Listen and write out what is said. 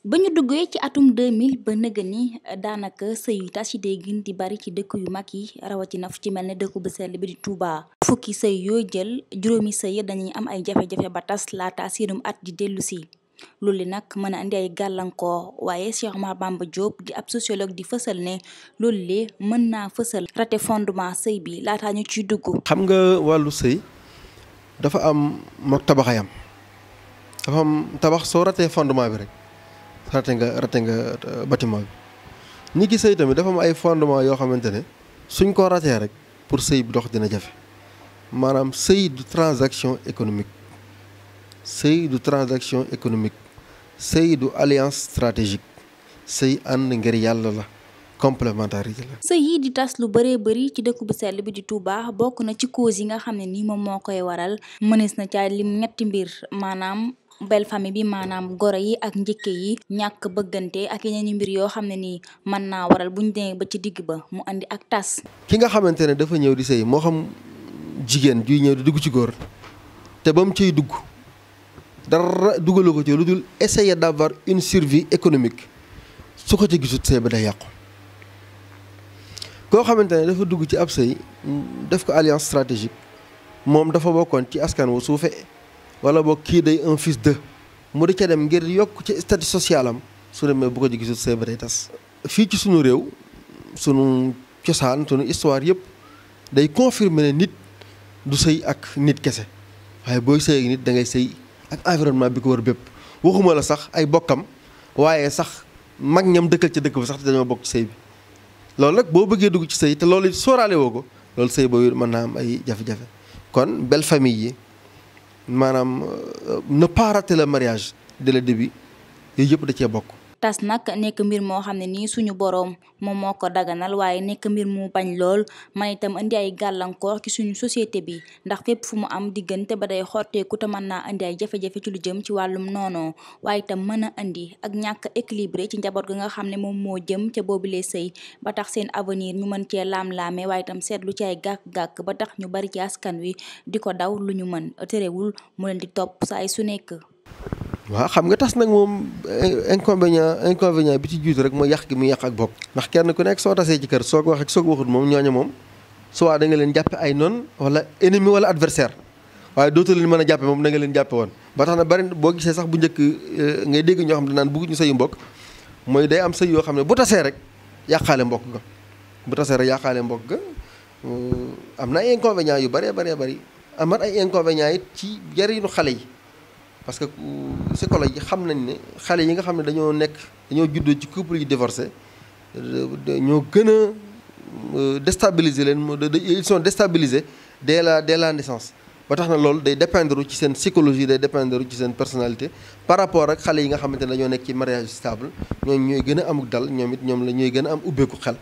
ba ñu duggee ci atum 2000 ba nëga ni euh, daanaka sëy yu tas yi day gën di bari ci dëkk yu mag yi rawatina fu ci mel ne dëkk ba sell bi di Touba. fukki sëy yooy jël juróomi sëy dañuy am ay jafe-jafe ba tas laata seenum at di dellusi si loolu nag mën a andi ay gàllankoor waaye Cheikh Omar Bamba Diop di ab sociologue di fësal ne loolu li mën naa fësal raté fondement sëy bi laataa ñu ciy dugg. xam nga wàllu sëy dafa am mook tabaxayam dafa am tabax soo ratee fondement bi rek. raté nga raté nga euh, bâtiment bi ñi ki sëy tamit dafa am ay fondement yoo xamante ne suñ ko ratee rek pour sëy bi dox dina jafe maanaam sëy du transaction économique sëy du transaction économique sëy alliance stratégique sëy ànd ngir yàlla la complémentarité la. sëy yi di tas lu bëree bari ci dëkk bu sell bi di Touba bokk na ci cause yi nga xam ne ni moom moo koy waral mënees na ca lim ñetti mbir maanaam belle famille bi maanaam goro yi ak njëkke yi ñàkk bëggante ak yeneen i mbir yoo xam ne nii mën naa waral buñ demee ba ci digg ba mu indi ak tas. ki nga xamante ne dafa ñëw di sëy moo xam jigéen juy ñëw di dugg ci góor te ba mu ciy dugg dara dugalu ko ci lu dul essayer d'avoir une survie économique su ko ci gisut sëy ba day yàqu. koo xamante ne dafa dugg ci ab sëy def ko alliance stratégique moom dafa bokkoon ci askan wu suufee. wala boo kii day un fils de mu di ca dem ngir yokk ci statut social am su demee bu ko ji gisul sëy ba day tas. fii ci sunu réew sunu cosaan sunu histoire yëpp day confirmer ne nit du sëy ak nit kese waaye booy sëy ak nit da ngay sëy ak environnement bi ko war bépp waxuma la sax ay bokkam waaye sax mag ñam dëkkal ca dëkk ba sax dañoo bokk ci sëy bi loolu nag boo bëggee dugg ci sëy te lool it sóoraale woo ko loolu sëy boobu mën naa am ay jafe-jafe kon belle famille yi. maanaam euh, ne pas rater le mariage dès le début yooyu yëpp da cee bokk tas nag nekk mbir moo xam ne nii suñu boroom moom moo ko daganal waaye nekk mbir mu bañ lool man itam indi ay gàllankoor ci suñu société bi ndax fépp fu mu am diggante ba day xotteeku te mën naa indi ay jafe-jafe ci lu jëm ci wàllum noonoo waaye itam mën a indi ak ñàkk équilibré ci njaboot ga nga xam ne moom moo jëm ca boobu boobule sëy ba tax seen avenir ñu mën cee laam-laame waaye itam seetlu ci ay gàkk-gàkk ba tax ñu bari ci askan wi di ko daw lu ñu mën terewul mu di topp saa su nekk waaw xam nga tas nag moom eh, inconvénient inconvénient bi ci jiitu rek mooy yàq gi muy yàq ak bokk ndax kenn ku nekk soo tasee ci kër soo ko wax ak soo ko waxut moom ñooñu moom soit da nga leen jàppe ay noon wala ennemi wala adversaire waaye dootu leen mën a jàppe moom danga leen jàppe woon ba tax na bari boo gisee sax bu njëkk eh, ngay dégg ñoo xam ne naan bëgguñu sëyu mbokk mooy day am sëy yoo xam ne bu tasee rek yàqaale mbokk ga bu tasee rek yàqaale mbokk ga euh, am na ay inconvénients yu bëree bëree bëri amat ay inconvénients it ci jariñu xale yi parce que psychologue yi xam nañ ne xale yi nga xam ne dañoo nekk dañoo juddoo ci couple yu divorcé ñoo gën a euh, déstabiliser leen ils sont déstabilisés dès la dès la naissance ba tax na loolu day dépendre ci seen psychologie day dépendre ci seen personnalité par rapport ak xale yi nga xamante ne dañoo nekk ci mariage stable ñoom ñooy gën a amuk dal ñoom ñoom la ñooy gën a am ubbeeku xel